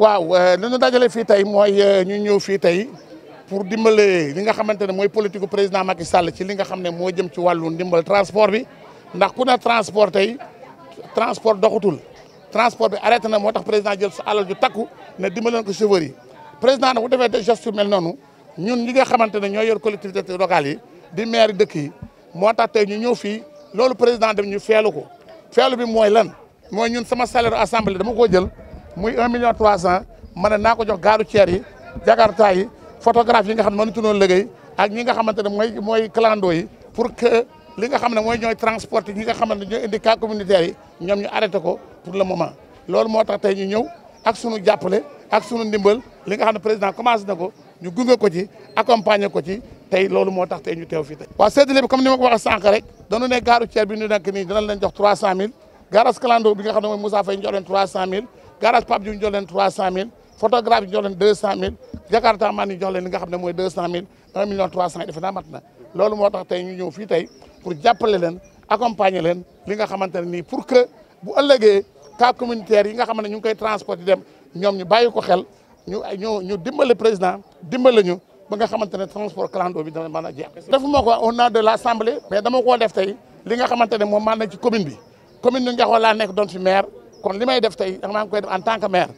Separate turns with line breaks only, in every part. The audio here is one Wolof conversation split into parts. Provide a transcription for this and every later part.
waaw ne euh, nu dajale fii tey mooy euh, ñu ñëw fii tey pour dimbalee li nga xamante ne mooy politique président Macky Sall ci li nga xam ne moo jëm ci wàllu ndimbal transport bi ndax ku ne transport tey transport doxatul transport bi arrêté na moo tax président jël sa alal ju takku ne dimbaleen ko chauffeur yi président nag bu defee des mel noonu ñun ñi nga xamante ne ñoo yor collectivités locales yi di maire dëkk yi moo tax tey ñu ñëw fii loolu président dem ñu feelu ko feelu bi mooy lan mooy ñun sama salaire assemblée dama koo jël muy 1 million 300 ma ne ko jox garu ceer yi jakarta yi photographe yi nga xam man mënatu noonu liggéey ak ñi nga xamante moy moy clando yi pour que li nga xam moy ñoy transporter ñi nga xamante ñoy ñooy indi cas communautaire ñom ñu arrêté ko pour le moment lool motax tay ñu ñew ak suñu jàppale ak suñu ndimbal li nga xam président commencé nako ñu gungé ko ci accompagner ko ci tay lool motax tay ñu teew fi tay wa séddale bi comme ni ma ko wax sank rek dañu ne garu ceer bi ñu nak ni dinañ leen jox 300000 garas clando bi nga xam moy Moussa Faye ñu 300000 garage Pape Diouf ñu jox leen trois cent mille photographe ñu jox leen deux cent mille Jakarta man ñu jox leen li nga xam ne mooy pour nii pour que bu ëllëgee cas communautaire yi nga xam ne ñu ngi koy transporter dem ñoom ñu bàyyi ko xel ñu ñu ñu dimbale président dimbale nga xamante transport clando bi dana mën a jeex. defuma ko au nom de l'assemblée mais dama koo def tey li nga xamante moom maa na ci commune bi commune bi Ndiakhou laa nekk doon fi maire. kon li may def tey maa ngi koy def en tant que maire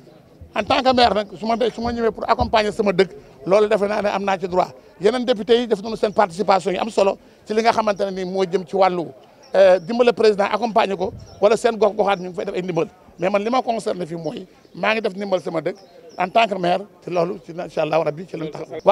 en tant que maire nag su ma su ma ñëwee pour accompagner sama dëkk loolu defe naa am naa ci droit yeneen député yi def nañu seen participation yi am solo ci li nga xamante ne nii moo jëm ci wàllu euh, dimbale président accompagner ko wala seen gox goxaat ñu ngi fay def ay ndimbal mais man li ma concerné fi mooy maa ngi def ndimbal sama dëkk en tant que maire ci loolu ci incha allah rabbi ci lañ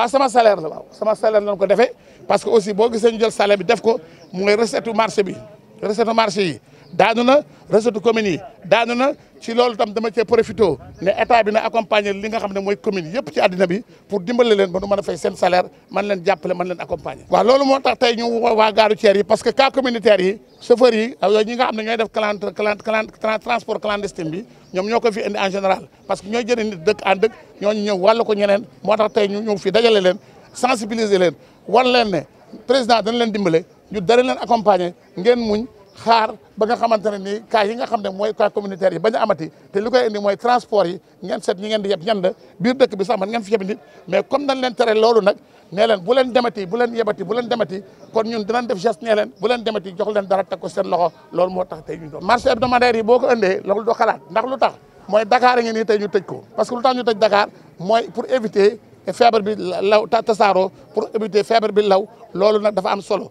sama salaire la waaw sama salaire lañ ko defee parce que aussi boo gisee ñu jël salaire bi def ko mooy recette marché bi recette marché yi. daanu na réseau commune yi daanu na ci loolu tam dama cee profité ne état bi na accompagner li nga xam ne mooy commune yëpp ci àddina bi pour dimbale leen ba nu mën a fay seen salaire man leen jàppale man leen accompagner. waaw loolu moo tax tey ñu waa gaaru ceer yi parce que cas communautaire yi chauffeurs yi yooyu ñi nga xam ne ñooy def clan transport clandestine bi ñoom ñoo ko fi indi en général parce que ñooy jëlee nit dëkk en dëkk ñooñu ñëw wàllu ko ñeneen moo tax tey ñu ñëw fi leen sensibiliser leen wan leen ne président dana leen dimbale ñu dara leen accompagner ngeen muñ xaar ba nga xamante ne nii cas yi nga banyak ne communautaire yi amati te li indi transport yi ngeen seet ñi ngeen di yeb ñan biir dëkk bi sax man ngeen fi yeb nit mais comme dañ leen tere loolu nag nee leen bu leen demati bu leen yebati bu leen demati kon ñun dinañ def geste nee leen bu leen demati jox leen dara teg ko seen loxo loolu moo tax tey ñu doon marché hebdomadaire yi boo ko indee loolu xalaat ndax lu tax mooy Dakar a ngi nii ñu tëj ko parce que lu tax ñu Dakar mooy pour éviter feebar bi law tasaaroo pour éviter feebar bi law loolu nag dafa am solo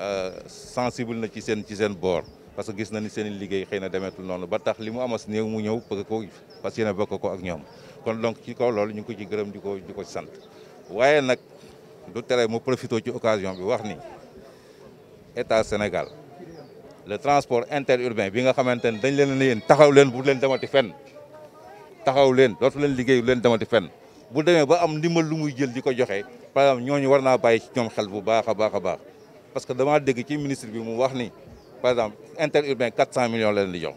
Euh, sensible na ci seen ci seen boor parce que gis na ni seen liggéey xëy na demeetul noonu ba tax li mu amas néew mu ñëw bëgg ko parce que yéen a ko ak ñoom kon donc ci kaw loolu ñu ngi ko ci gërëm di ko di ko sant waaye nag du tere mu profité ci occasion bi wax ni état Sénégal le transport interurbain bi nga xamante ne dañ leen ne yéen taxaw leen bu leen demati fen taxaw leen dootu leen liggéey leen demati fenn bu demee ba am ndimbal lu muy jël di ko joxe par exemple ñooñu war naa bàyyi ci ñoom xel bu baax a baax a baax. parce que dama dégg ci ministre bi mu wax ni par exemple interurbain 400 millions la leen di jox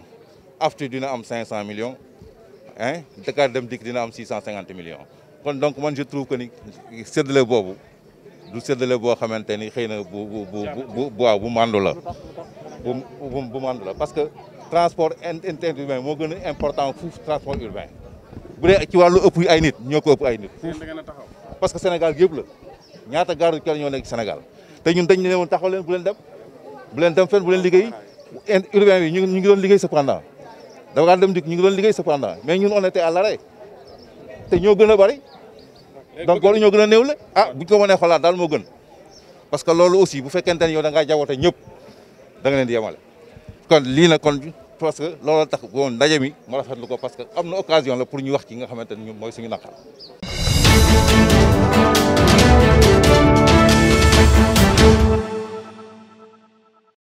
AFTU dina am 500 millions hein Dakar Dem Dikk dina am 650 millions kon donc man je trouve que ni séddale bobu du séddale boo xamante ni xëy bu bu bu bu bu mandu la bu bu mandu la parce que transport interurbain mo gëna important fuuf transport urbain bu dé ci walu ëpp ay nit ñoko ëpp ay nit. parce que Sénégal yëpp la ñaata gare kër ñoo nekk Sénégal. te ñun dañ ne woon taxaw leen bu leen dem bu leen dem fenn bu leen liggéey urbain yi ñu ngi doon liggéey cependant dafa dem dik ñu ngi doon liggéey cependant mais ñun on était à l'arrêt te ñoo gën a bari donc waru ñoo gën a néewle ah buñ ko mënee xolaat daal moo gën parce que loolu aussi bu fekkente ne yow da ngaa jaboote ñëpp da nga leen di yemale kon lii nag kon parce que loolu tax woon ndaje mi ma rafetlu ko parce que am na occasion la pour ñu wax ci nga xamante ne mooy suñu naqar